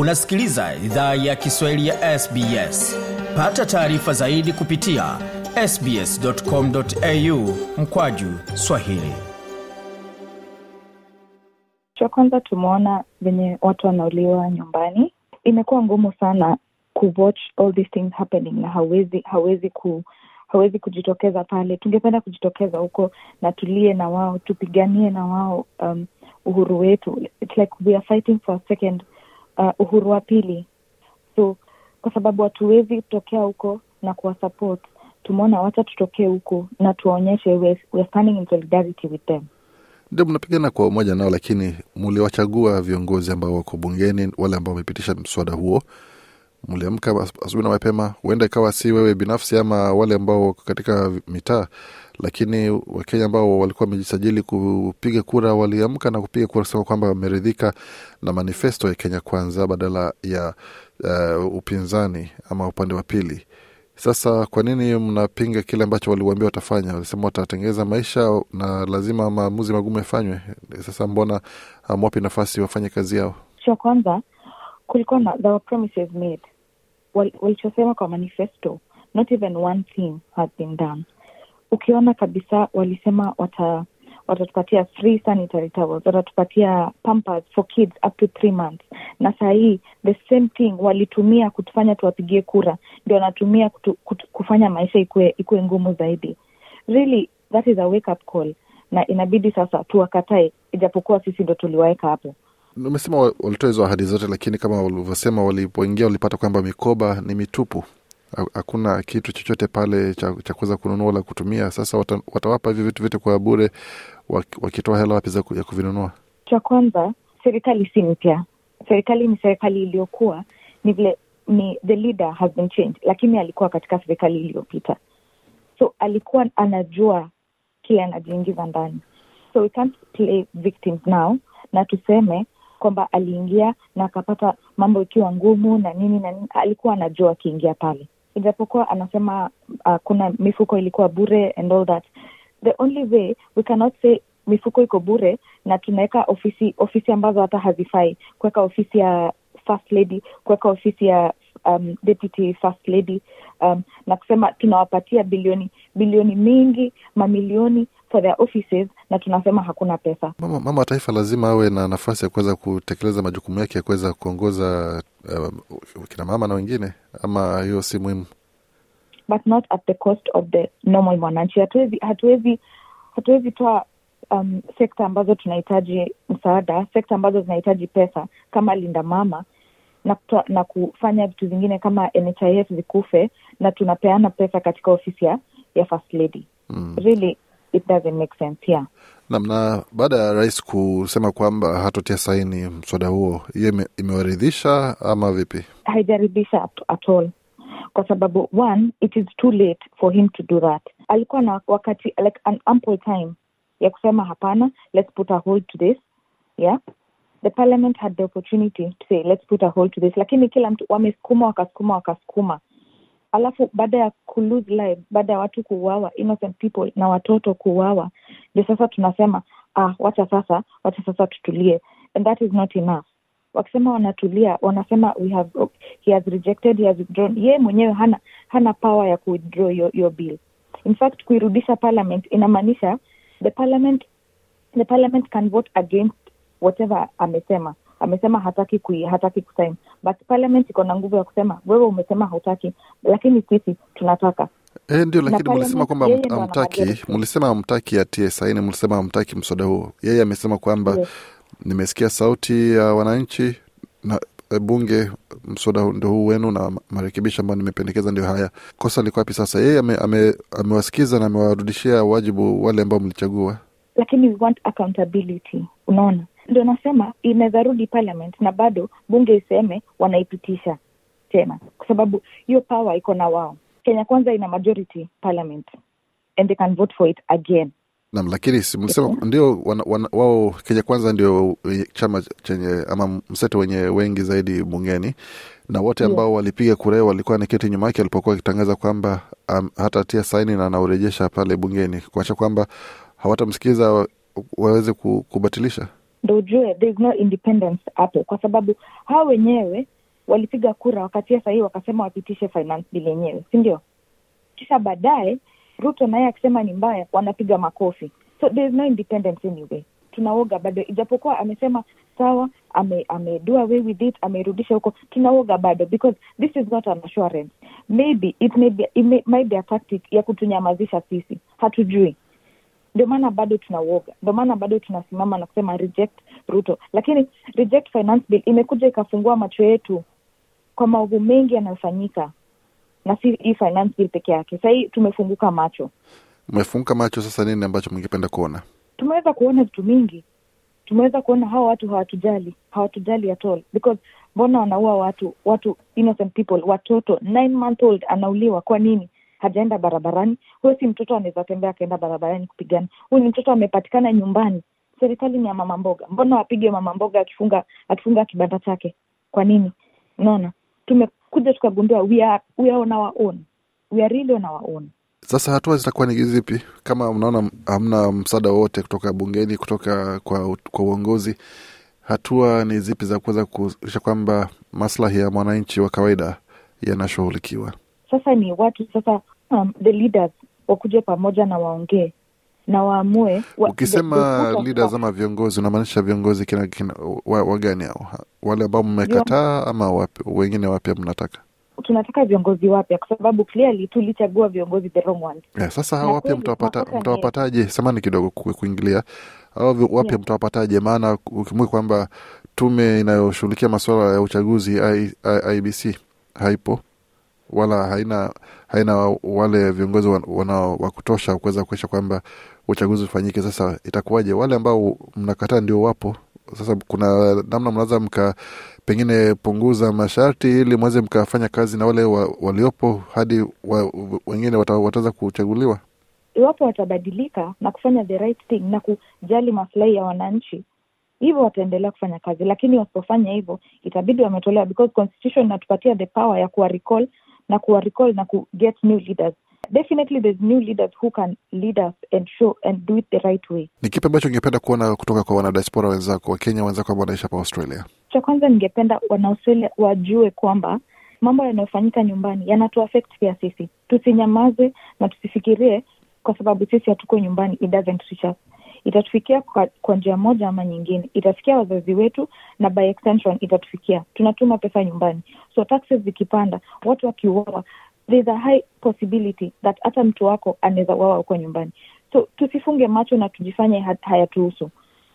unasikiliza idhaa ya kiswahili ya sbs pata taarifa zaidi kupitia sbscomau mkwaju swahili cha kwanza tumeona venye watu wanauliwa nyumbani imekuwa ngumu sana kuwatch all these things happening na hawezi hawezi ku hawezi kujitokeza pale tungependa kujitokeza huko na tulie na wao tupiganie na wao um, uhuru wetu It's like we are fighting for a second uh, uhuru wa pili so kwa sababu hatuwezi kutokea huko na kuwasupport tumeona wacha tutokee huko na tuwaonyeshe solidarity with them ndio mnapigana kwa umoja nao, lakini muliwachagua viongozi ambao wako bungeni, wale ambao wamepitisha mswada huo mliamka asubuhi na mapema, huenda ikawa si wewe binafsi ama wale ambao wako katika mitaa, lakini Wakenya ambao walikuwa wamejisajili kupiga kura waliamka na kupiga kura kusema kwamba wameridhika na manifesto ya Kenya Kwanza badala ya uh, upinzani ama upande wa pili. Sasa kwa nini mnapinga kile ambacho waliwaambia watafanya? Walisema watatengeza maisha na lazima maamuzi magumu yafanywe. Sasa mbona hamwapi nafasi wafanye kazi yao? Cha kwanza kulikuwa na there were promises made walichosema kwa manifesto, not even one thing has been done. Ukiona kabisa walisema wata watatupatia free sanitary towels, watatupatia pampers for kids up to three months. Na sahii hii the same thing walitumia kutufanya tuwapigie kura, ndio wanatumia kutu, kutu, kufanya maisha ikuwe, ikuwe ngumu zaidi. Really that is a wake up call, na inabidi sasa tuwakatae, ijapokuwa sisi ndo tuliwaweka hapo umesema walitoa hizo ahadi zote, lakini kama walivyosema, walipoingia walipata kwamba mikoba ni mitupu, hakuna kitu chochote pale cha, cha kuweza kununua wala kutumia. Sasa wata, watawapa hivyo vitu vyote kwa bure wakitoa hela wapi ya kuvinunua? Cha kwanza, serikali si mpya, serikali ni serikali iliyokuwa ni vile ni the leader has been changed, lakini alikuwa katika serikali iliyopita, so alikuwa anajua kile anajiingiza ndani, so we can't play victims now na tuseme kwamba aliingia na akapata mambo ikiwa ngumu na nini na nini, alikuwa anajua akiingia pale, ijapokuwa anasema uh, kuna mifuko ilikuwa bure and all that. The only way we cannot say mifuko iko bure na tunaweka ofisi ofisi ambazo hata hazifai, kuweka ofisi ya first lady, kuweka ofisi ya um, deputy first lady um, na kusema tunawapatia bilioni bilioni mingi mamilioni for their offices na tunasema hakuna pesa. Mama, mama wa taifa lazima awe na nafasi ya kuweza kutekeleza majukumu yake ya kuweza kuongoza uh, kina mama na wengine, ama hiyo si muhimu? But not at the cost of the normal mwananchi. Hatuwezi hatuwezi hatuwezi toa um, sekta ambazo tunahitaji msaada, sekta ambazo zinahitaji pesa kama linda mama na, kutua, na kufanya vitu vingine kama NHIF zikufe na tunapeana pesa katika ofisi ya first lady mm. really it doesn't make sense here. Naam, na baada ya rais kusema kwamba hatotia saini mswada huo, hiyo imewaridhisha ama vipi? Haijaridhisha at, at all kwa sababu one, it is too late for him to do that. Alikuwa na wakati like an ample time ya kusema hapana, let's put a hold to this yeah the parliament had the opportunity to say let's put a hold to this, lakini kila mtu wamesukuma wakasukuma wakasukuma alafu baada ya kulose life, baada ya watu kuuawa, innocent people na watoto kuuawa, ndio sasa tunasema ah, wacha sasa, wacha sasa tutulie, and that is not enough. Wakisema wanatulia, wanasema we have, he has rejected, he has withdrawn. mwenyewe hana hana power ya kuwithdraw your, your bill. In fact, kuirudisha parliament inamaanisha the parliament, the parliament can vote against whatever amesema amesema hataki kui, hataki but parliament iko na nguvu ya kusema wewe umesema hautaki, lakini sisi tunataka. E, ndio lakini mlisema kwamba amtaki mlisema amtaki atie saini, mlisema amtaki mswada huo. Yeye amesema kwamba yes, nimesikia sauti ya wananchi na eh, bunge mswada ndo huu wenu na marekebisho ambayo nimependekeza ndio haya. Kosa liko wapi sasa? Yeye amewasikiza ame, ame na amewarudishia wajibu wale ambao mlichagua, lakini we want accountability. Unaona, ndo nasema inaweza rudi parliament na bado bunge iseme wanaipitisha tena kwa sababu hiyo power iko na wao kenya kwanza ina majority parliament and they can vote for it again nam lakini msema ndio wao Kenya Kwanza ndio e, chama chenye ama mseto wenye wengi zaidi bungeni, na wote ambao yeah, walipiga kura walikuwa niketi nyuma yake alipokuwa akitangaza kwamba um, tia saini na anaurejesha pale bungeni, kuacha kwamba hawatamsikiza waweze kubatilisha ndo ujue there is no independence hapo, kwa sababu hao wenyewe walipiga kura wakatia sahii wakasema wapitishe finance bill yenyewe, sindio Kisha baadaye Ruto naye akisema ni mbaya, wanapiga makofi. So there is no independence anyway, tunaoga bado, ijapokuwa amesema sawa, amedua ame with it, ameirudisha huko, tunaoga bado because this is not an assurance. Maybe it may be, it may, might be a tactic ya kutunyamazisha sisi, hatujui ndio maana bado tuna uoga ndio maana bado tunasimama na kusema reject ruto lakini reject finance bill imekuja ikafungua macho yetu kwa maovu mengi yanayofanyika na si hii finance bill peke yake sahii tumefunguka macho mmefunguka macho sasa nini ambacho mngependa kuona tumeweza kuona vitu mingi tumeweza kuona hawa watu hawatujali hawatujali at all because mbona wanaua watu watu innocent people watoto nine month old anauliwa kwa nini hajaenda barabarani. Huyo si mtoto anaweza tembea akaenda barabarani kupigana. Huyu ni mtoto amepatikana nyumbani. Serikali ni ya mama mboga, mbona wapige mama mboga akifunga akifunga kibanda chake? Kwa nini? naona tumekuja tukagundua, we are, we are we are really on our own. Sasa hatua zitakuwa ni zipi kama mnaona hamna msaada wowote kutoka bungeni, kutoka kwa, kwa uongozi? Hatua ni zipi za kuweza kuisha kwamba maslahi ya mwananchi wa kawaida yanashughulikiwa? Sasa ni watu sasa um, the leaders wakuje pamoja na waongee na waamue wa, ukisema the, leaders ama viongozi unamaanisha viongozi kina, kina, wa, wagani hao wale ambao mmekataa ama wapi, wengine wapya mnataka tunataka viongozi wapya kwa sababu clearly tulichagua viongozi the wrong ones. Yeah, sasa hao wapya mtawapataje? Samani kidogo kuingilia, hao wapya yeah, mtawapataje? Maana ukimwika kwamba tume inayoshughulikia masuala ya uchaguzi I, I, IBC haipo wala haina haina wale viongozi wanao wa kutosha kuweza kuisha kwamba uchaguzi ufanyike. Sasa itakuwaje? Wale ambao mnakataa ndio wapo. Sasa kuna namna mnaweza mka pengine punguza masharti ili mweze mkafanya kazi na wale wa, waliopo hadi wa, wengine wataweza kuchaguliwa iwapo watabadilika na kufanya the right thing na kujali maslahi ya wananchi, hivyo wataendelea kufanya kazi, lakini wasipofanya hivyo itabidi wametolewa, because constitution inatupatia the power ya kuwa recall na kuwarecall na ku get new leaders definitely there's new leaders who can lead us and show and do it the right way. Ni kipi ambacho ungependa kuona kutoka kwa wanadiaspora wenzako, Wakenya wenzako ambao wanaishi hapa Australia? Cha kwanza, ningependa Wanaaustralia wajue kwamba mambo yanayofanyika nyumbani yanatuaffect pia sisi. Tusinyamaze na tusifikirie kwa sababu sisi hatuko nyumbani, it doesn't reach us itatufikia kwa, kwa njia moja ama nyingine, itafikia wazazi wetu na by extension itatufikia. Tunatuma pesa nyumbani, so taxes zikipanda, watu wakiuawa, a high possibility that hata mtu wako anaweza uawa huko nyumbani. So tusifunge macho na tujifanye hayatuhusu,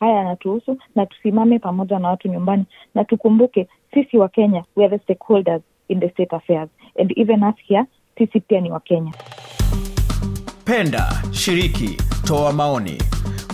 haya yanatuhusu, na tusimame pamoja na watu nyumbani, na tukumbuke sisi wa Kenya we are the stakeholders in the state affairs and even us here, sisi pia ni Wakenya. Penda, shiriki, toa maoni